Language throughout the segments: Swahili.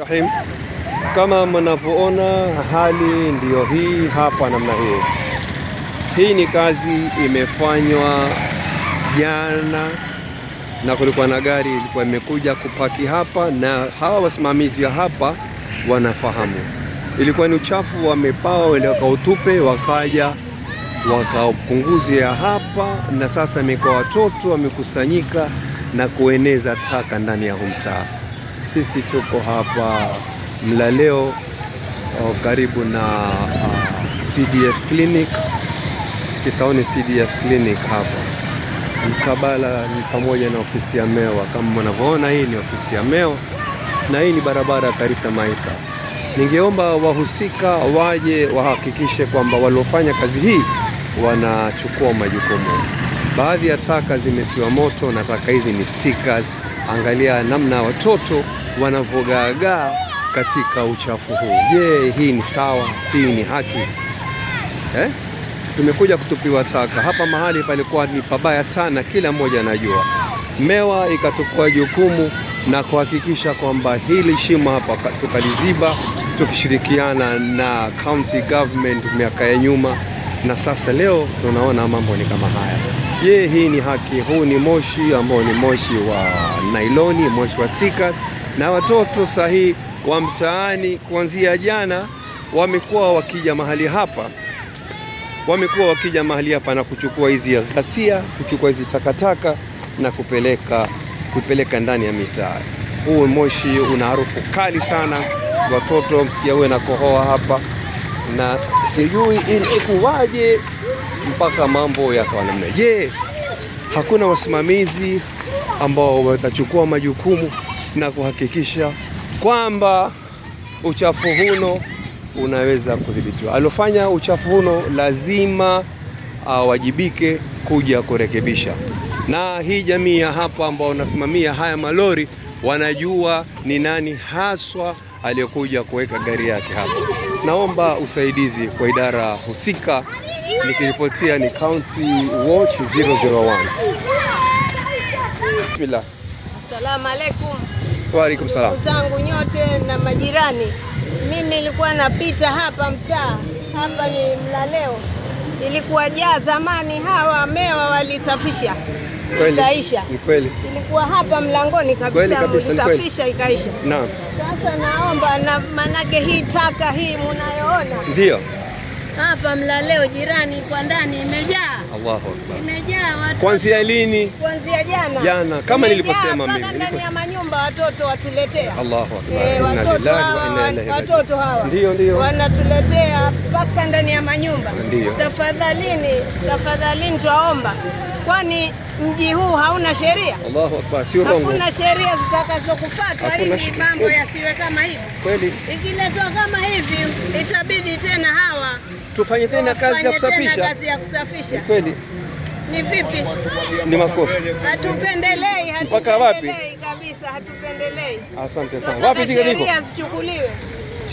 Rahim. Kama mnavyoona hali ndiyo hii hapa namna hii. Hii ni kazi imefanywa jana na kulikuwa na gari ilikuwa imekuja kupaki hapa na hawa wasimamizi wa hapa wanafahamu. Ilikuwa ni uchafu wamepawa wende wakautupe wakaja wakaupunguzia hapa na sasa imekuwa watoto wamekusanyika na kueneza taka ndani ya huu mtaa. Sisi tuko hapa Mlaleo karibu na CDF Clinic, Kisauni CDF Clinic hapa mkabala ni pamoja na ofisi ya Mewa. Kama mnavyoona, hii ni ofisi ya Mewa na hii ni barabara ya Karisa maika Ningeomba wahusika waje wahakikishe kwamba waliofanya kazi hii wanachukua majukumu. Baadhi ya taka zimetiwa moto na taka hizi ni stickers Angalia namna watoto wanavyogaagaa katika uchafu huu. Je, hii ni sawa? Hii ni haki eh? Tumekuja kutupiwa taka hapa. Mahali palikuwa ni pabaya sana, kila mmoja anajua. Mewa ikatukua jukumu na kuhakikisha kwamba hili shimo hapa tukaliziba, tukishirikiana na county government miaka ya nyuma, na sasa leo tunaona mambo ni kama haya. Je, hii ni haki? Huu ni moshi ambao ni moshi wa nailoni, moshi wa stika, na watoto sahihi wa mtaani kuanzia jana wamekuwa wakija mahali hapa, wamekuwa wakija mahali hapa na kuchukua hizi ghasia, kuchukua hizi takataka na kupeleka kupeleka ndani ya mitaa. Huu moshi una harufu kali sana, watoto msikia uwe na kohoa hapa, na sijui ilikuwaje mpaka mambo yakawa namna. Je, hakuna wasimamizi ambao watachukua majukumu na kuhakikisha kwamba uchafu huno unaweza kudhibitiwa? Aliofanya uchafu huno lazima awajibike kuja kurekebisha, na hii jamii ya hapa ambao wanasimamia haya malori wanajua ni nani haswa aliyokuja kuweka gari yake hapa Naomba usaidizi kwa idara husika nikiripotia ni County Watch 001. Bismillah. Assalamu alaikum. Wa alaikum salam. Zangu nyote na majirani, mimi nilikuwa napita hapa mtaa hapa, ni mlaleo, ilikuwa jaa zamani, hawa mewa walisafisha ikaisha, ilikuwa hapa mlangoni kabisa, walisafisha ikaisha. Naam. Sasa naomba na manake hii taka hii munayoona ndio hapa Mlaleo jirani kwa ndani imejaa. Allahu Akbar. Imejaa watu. Kuanzia lini? Kuanzia jana. Jana kama nilivyosema mimi. Ndani ya manyumba watoto watuletea. Allahu Akbar. Eh, Inna lillahi wa inna ilaihi raji'un. Watoto hawa. Ndio ndio. Wanatuletea paka ndani ya manyumba. Ndio. Tafadhalini, tafadhalini twaomba. Kwani mji huu hauna sheria. Allahu Akbar, sio urongo. Hakuna sheria zitakazokufuata ili mambo yasiwe kama hivi. Kweli. Ikiletwa kama hivi itabidi tena hao tufanye tena kazi ya kusafisha. Ni kweli, ni vipi? Ni makofi. Hatupendelei, mpaka wapi kabisa, hatupendelei. Asante sana. Wapi sheria zichukuliwe,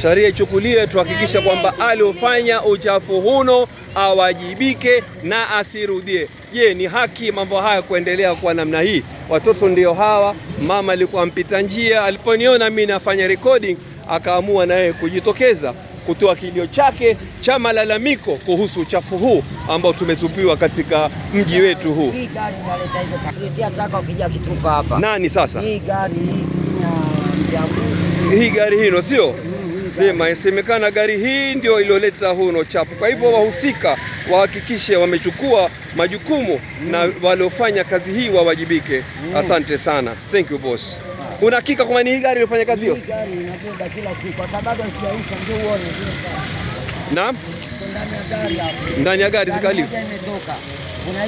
sheria ichukuliwe, tuhakikisha kwamba aliofanya uchafu huno awajibike na asirudie. Je, ni haki mambo haya kuendelea kwa namna hii? Watoto ndio hawa. Mama alikuwa mpita njia, aliponiona mimi nafanya recording, akaamua naye kujitokeza kutoa kilio chake cha malalamiko kuhusu uchafu huu ambao tumetupiwa katika mji wetu huu. Nani sasa hii gari hino, sio mm, sema isemekana gari hii ndio iloleta huu chapu Kwa hivyo wahusika wahakikishe wamechukua majukumu mm, na waliofanya kazi hii wawajibike. Mm, asante sana, thank you boss. Una hakika kwamba ni hii gari iliyofanya kazi hiyo? Naam, ndani ya gari zikaliwa kuna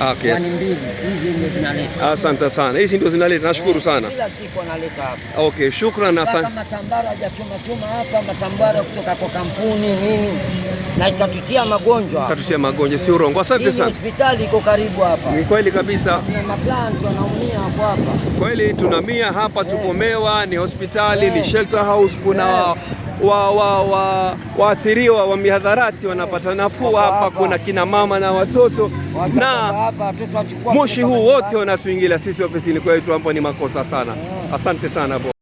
Okay, ah, yes. Asante sana, hizi ndio zinaleta. Nashukuru eh, sana. Kila Okay, shukrani sana. Matambara chuma hapa, matambara kutoka kwa kampuni nini na itatutia magonjwa, itatutia magonjwa, si urongo. Asante sana. Hospitali iko karibu hapa, ni kweli kabisa. Wanaumia hapa, kweli tunamia hapa, tukomewa eh. ni hospitali, ni eh. shelter house, kuna waathiriwa wa, wa, waathiriwa wa mihadharati wanapata nafuu hapa. Kuna kina mama na watoto na moshi huu wote wanatuingilia sisi ofisini kwetu, ambapo ni makosa sana. Eh. Asante sana.